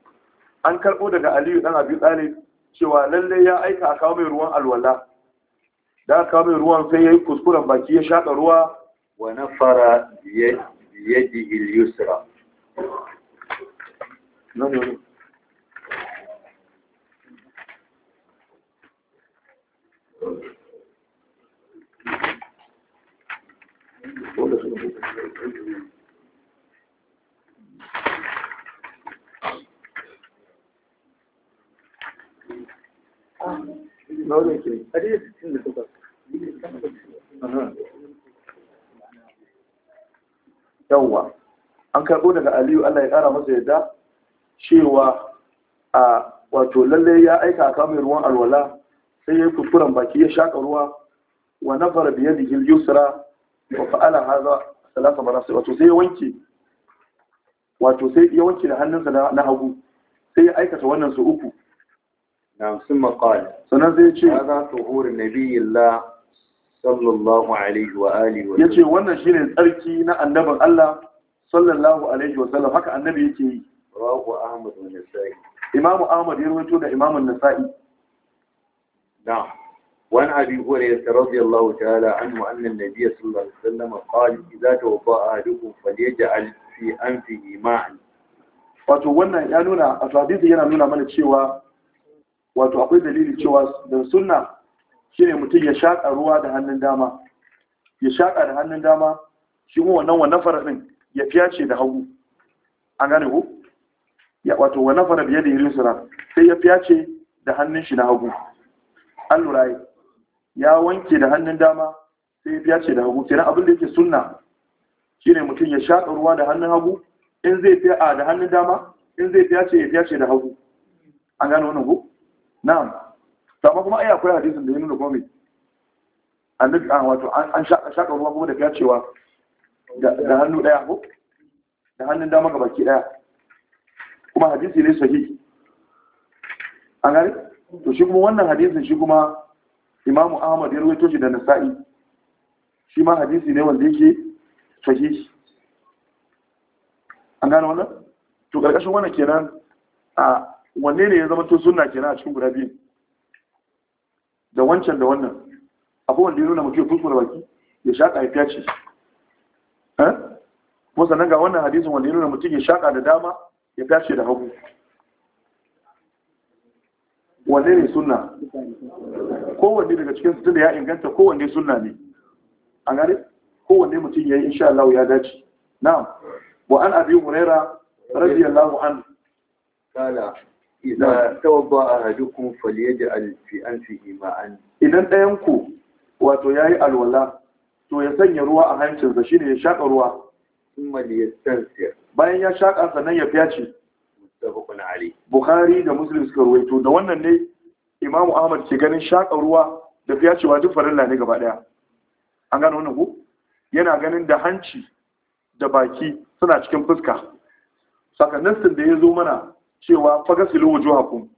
an karɓo daga aliyu dan abi ɗalib cewa lallai ya aika a kawo mai ruwan alwala da aka kawo mai ruwan sai ya yi kuskuren baki ya shaƙa ruwa ونفر بيده اليسرى no, no, no. yawwa an karɓo daga aliyu allah ya ƙara masa yadda cewa a wato lalle ya aika a kamar ruwan alwala sai ya yi kuskuren baki ya shaƙa ruwa wa na fara biyar da gil yusra wa fa'ala haza salasa marasa wato sai ya wanke wato sai ya wanke da hannunsa na hagu sai ya aikata wannan su uku na sun maƙal sannan zai ce ya za ta hori nabiyyin la sallallahu alaihi wa alihi wa yace wannan shine tsarki na annabin Allah sallallahu alaihi wa sallam haka annabi yake yi rawahu ahmad wa nasa'i imamu ahmad ya rawaito da imamu nasa'i na'am وعن أبي هريرة رضي الله تعالى عنه أن النبي صلى الله عليه وسلم قال إذا توفى أهلكم فليجعل في أنفه ماء wato wannan ya nuna a hadisi yana nuna mana cewa wato akwai dalili cewa da sunna shine mutum ya shaƙa ruwa da hannun dama ya shaƙa da hannun dama shi kuma wannan wannan farafin ya fiyace da hagu an gane ku ya wato wannan fara biye da yirin sura sai ya fiyace da hannun shi na hagu an lura ya wanke da hannun dama sai ya fiyace da hagu sai abin da yake sunna shine mutum ya shaƙa ruwa da hannun hagu in zai fiya da hannun dama in zai fiyace ya fiyace da hagu an gane wannan ku na'am Sama kuma ai akwai hadisin da ya nuna kuma mai annabi an ah, wato an shaka ruwa kuma da ya cewa da hannu ɗaya ko da hannun dama ga baki ɗaya kuma hadisi ne sahi an gani to shi kuma wannan hadisin shi kuma imamu ahmad ya rawaito shi da nasa'i shi ma hadisi ne wanda yake sahi an gane wannan to karkashin wannan kenan a ah, wanne ne ya zama to sunna kenan a cikin guda biyu da wancan da wannan abu wanda ya nuna mutum ya kuskura baki ya shaƙa ya fyace eh? kuma sannan ga wannan hadisin wanda ya nuna mutum ya shaƙa da dama ya fyace da hagu wanne ne suna? kowanne daga cikin su da ya inganta kowanne suna ne a gane kowanne mutum ya yi insha Allah ya dace na'am wa an abi huraira radiyallahu anhu idan tawabba ahadukum falyaj'al fi anfihi ma'an idan ɗayanku ku wato yayi alwala to ya sanya ruwa a hancinsa shine ya shaka ruwa in liyastansir bayan ya shaka sannan ya fiyace muttafaqun da muslim suka ruwaito da wannan ne imamu ahmad ke ganin shaka ruwa da fiyacewa duk farilla ne gaba ɗaya. an gano wannan ku yana ganin da hanci da baki suna cikin fuska sakannin da ya zo mana cewa fagasilu wujuhakum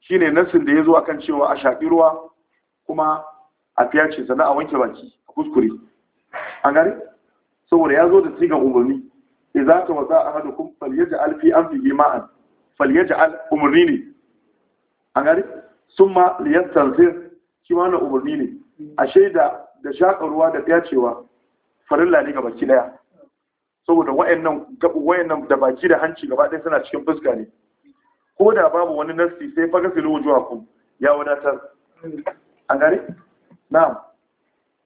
shine nassin da ya zo akan cewa a shafi ruwa kuma a fiyace sannan a wanke baki a kuskure an gari saboda ya zo da sigan umarni idza ka wasa ahadukum falyaj'al fi anfihi ma'an falyaj'al umarni ne an gari summa liyastanzir shi ma na umarni ne a shaida da shaka ruwa da fiyacewa farilla ne ga baki daya saboda wayannan gabu wayannan da baki da hanci gaba ɗaya suna cikin fuska ne ko da babu wani nafsi sai fa a kun ya wadatar an gare na'am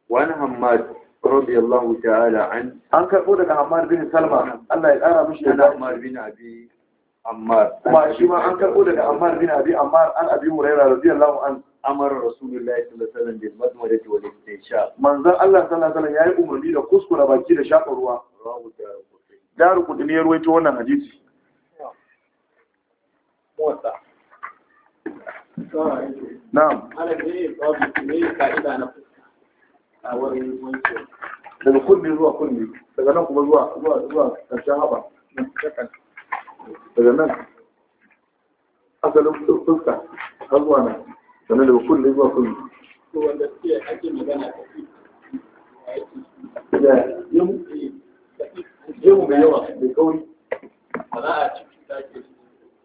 wani hammad radiyallahu ta'ala an an karbo daga hamad bin salma Allah ya kara mishi da hamad bin abi ammar kuma shi ma an karbo daga hamad bin abi ammar an abi hurairah radiyallahu an amara rasulullahi sallallahu alaihi wasallam bil wani wal sha. manzon Allah sallallahu alaihi wasallam yayi umarni da kuskura baki da shafa ruwa daru kudin ya ruwaito wannan hadisi muwatta na'am ne babu ne ka'ida na fuska a wurin wanke daga kulli zuwa kulli daga nan kuma zuwa zuwa zuwa karshen haba daga nan asalin fuska har zuwa nan sannan daga kulli zuwa kulli to wanda suke ake magana ta da eh, yawa kauri ba za a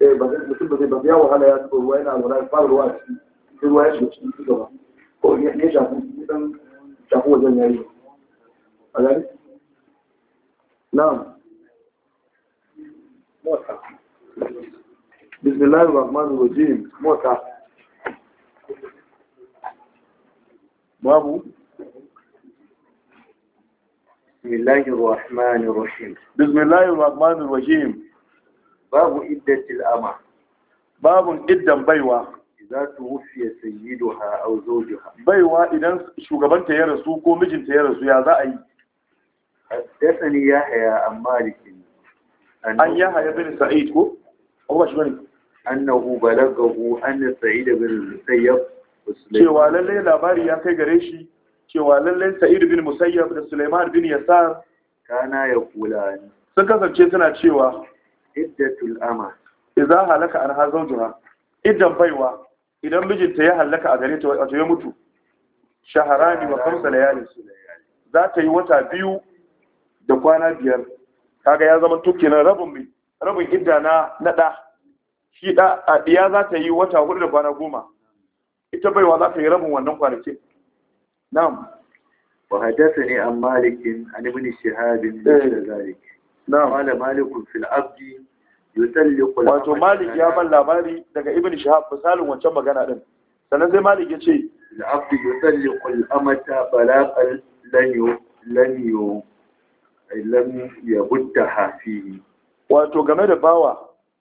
eh mutum ba zai ba ya wahala ya zuba ruwa yana Na ya fara ruwa a sai ruwa ya shiga cikin ci gaba ko ne ne shafi dan shafi wajen yayi a gani na'am mota bismillahir rahmanir rahim mota babu بسم الله الرحمن الرحيم بسم الله الرحمن الرحيم babu iddatil ama Babu iddan baiwa idza tuwfiya sayyiduha aw zawjuha baiwa idan shugabanta ya rasu ko mijinta ya rasu ya za a yi haddathani yahya an malik an yahya bin sa'id ko Allah shi bane annahu balagahu anna sa'id bin musayyab cewa lallai labari ya kai gare shi cewa lallai sa'id bin musayyab da sulaiman bin yasar kana ya kula sun kasance suna cewa iddatul ama idza halaka an ha zawjuha iddan baywa idan mijinta ya halaka a gare ta wato ya mutu shaharani wa khamsa layali za ta yi wata biyu da kwana biyar kaga ya zama tuke na rabin mai rabin idda na da shi da a diya za ta yi wata hudu da kwana goma ita baiwa za ta yi rabin wannan kwanaki na'am wa hadathani an malikin an ibn shihab bin eh. zalik na wala malikun fil abdi yutalliqu wato malik ya ban labari daga ibn shahab misalin wancan magana din sannan sai malik ya ce al abdi yutalliqu al amata balaqan lan yu lan yu lam yabutta wato game da bawa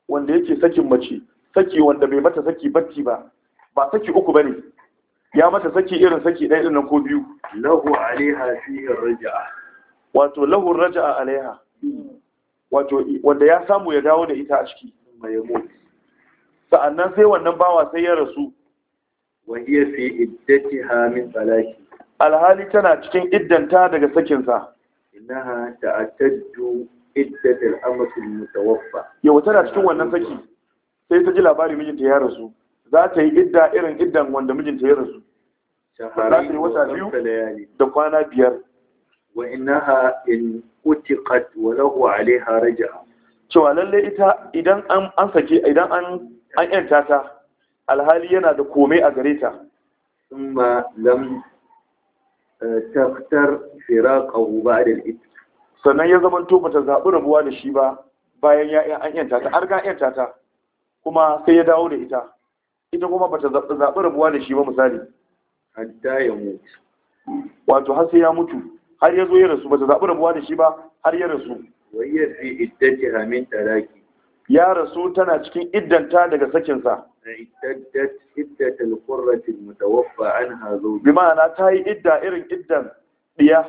wanda yake sakin mace saki wanda bai mata saki batti ba ba saki uku bane ya mata saki irin saki ɗaya ɗin ko biyu lahu alaiha fihi raja'a wato lahu raja'a alaiha wato wanda ya samu ya dawo da ita a ciki sa'annan sai wannan bawa sai ya rasu wa hiya fi ha min talaqi alhali tana cikin iddanta daga sakinsa innaha ta'attadu iddat al mutawaffa yau tana cikin wannan saki sai ta ji labari mijinta ya rasu za ta yi idda irin iddan wanda mijinta ya rasu za ta yi wata biyu da kwana biyar وإنها إن أتقت وله عليها رجع cewa lalle ita idan an an sake idan an an yanta ta alhali yana da komai a gare ta amma lam eh, taftar firaqahu ba'da al-it sannan ya zaman to bata zabi rabuwa da shi ba bayan ya an yanta ta har ga yanta ta kuma sai ya dawo da ita ita kuma bata zabi rabuwa da shi ba misali hatta ya mutu wato har sai ya mutu har ya zo ya rasu bata zaɓi rabuwa da shi ba har ya rasu wayyar fi iddati hamin talaki ya rasu tana cikin iddanta daga sakinsa iddat iddat al-qurrati mutawaffa anha hazo. bi ma'ana ta yi idda irin iddan diya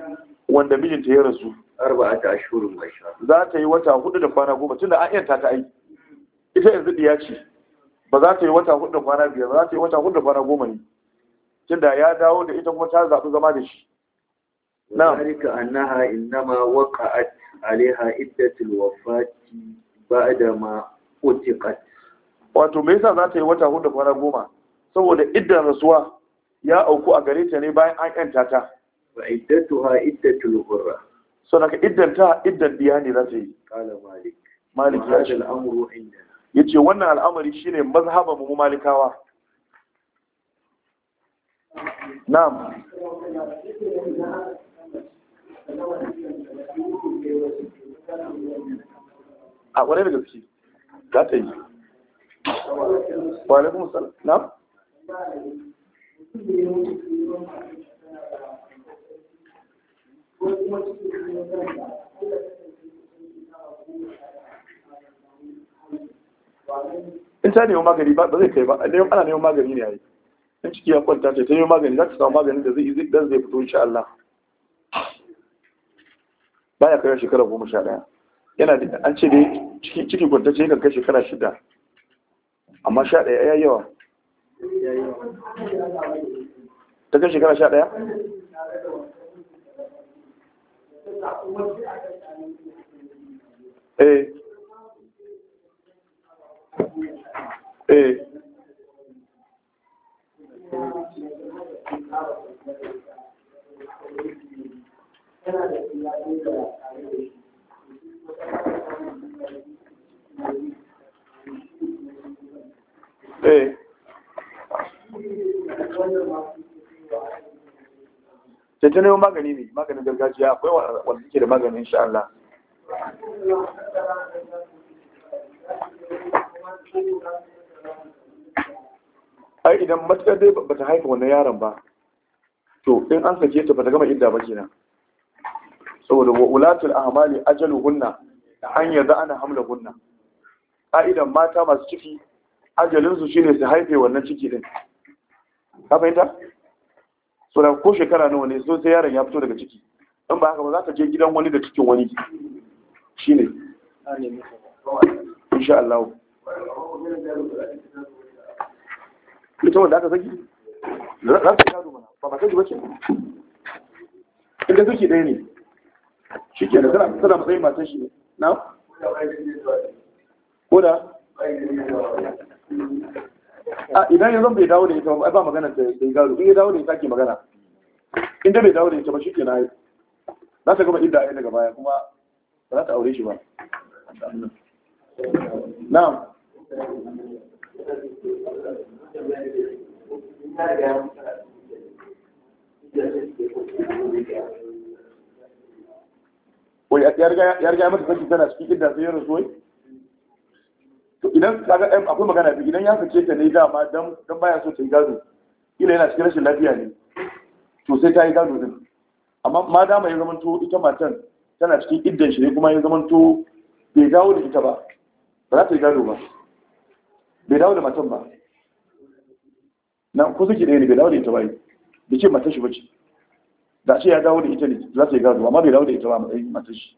wanda mijinta ya rasu arba'ata ashhurun wa ishara za ta yi wata hudu da kwana goma tunda an yanta ta ai ita yanzu diya ce ba za ta yi wata hudu da kwana biyar za ta yi wata hudu da kwana goma ne tunda ya dawo da ita kuma ta zaɓi zama da shi ذلك أنها إنما وقعت عليها عدة الوفاة بعدما أتقت wato me yasa za ta yi wata hudu kwana goma saboda iddan rasuwa ya auku a gare ta ne bayan an yanta ta wa iddatuha iddatul hurra so daga iddan ta iddan biya ne za ta yi kala malik malik ya ce al'amuru inda yace wannan al'amari shine mazhaban mu malikawa na'am a ƙwarai da gaske za ta yi ƙwarai kuma sal na? in ta neman magani ba zai kai ba neman ana neman magani ne a yi in ciki ya kwanta ce ta neman magani za ta samu magani da zai zai fito insha Allah baya kai shekara goma sha ɗaya yana da an ce dai ciki kwantacce yakan kai shekara shida amma sha ɗaya ya yawa ta kai shekara sha ɗaya eh eh yana da Tattalin eh. magani ne, maganin gargajiya akwai wanda ke da maganin insha Allah. ai idan matuƙar dai ba ta haifa wannan yaron ba to in an sake ta ba ta gama idda ba kenan saboda wa ulatul ahmali ajaluhunna hanyar da ana A ka'idan mata masu ciki ajalinsu shine su haife wannan ciki din ka fahimta so da ko shekara nawa ne so sai yaron ya fito daga ciki in ba haka ba za ka je gidan wani da cikin wani shine insha Allah ita wanda aka saki za ka gado mana ba ba ka ji ba ke. Idan suke ɗaya ne shi ke da tana matsayin matan shi na? ko a idan yanzu bai dawo da ita ba ba magana da ya gado in ya dawo da ita ke magana inda bai dawo da ita ba shi ke na yi za ta gama inda a yi daga baya kuma ba za ta aure shi ba na'am Thank you. ko ya riga mata saki tana cikin idda sai ya rasu wai to idan kaga akwai magana bi idan ya sace ta ne dama dan dan baya so ta yi gado ila yana cikin rashin lafiya ne to sai ta yi gado din amma ma dama ya zamanto ita matan tana cikin iddan shi ne kuma ya zamanto bai dawo da ita ba ba za ta yi gado ba bai dawo da matan ba na kusa ki ɗaya ne bai dawo da ita ba yi da ce matan shi ba ce da shi ya dawo da ita ne za su yi gado amma bai dawo da ita ba matashi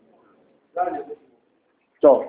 to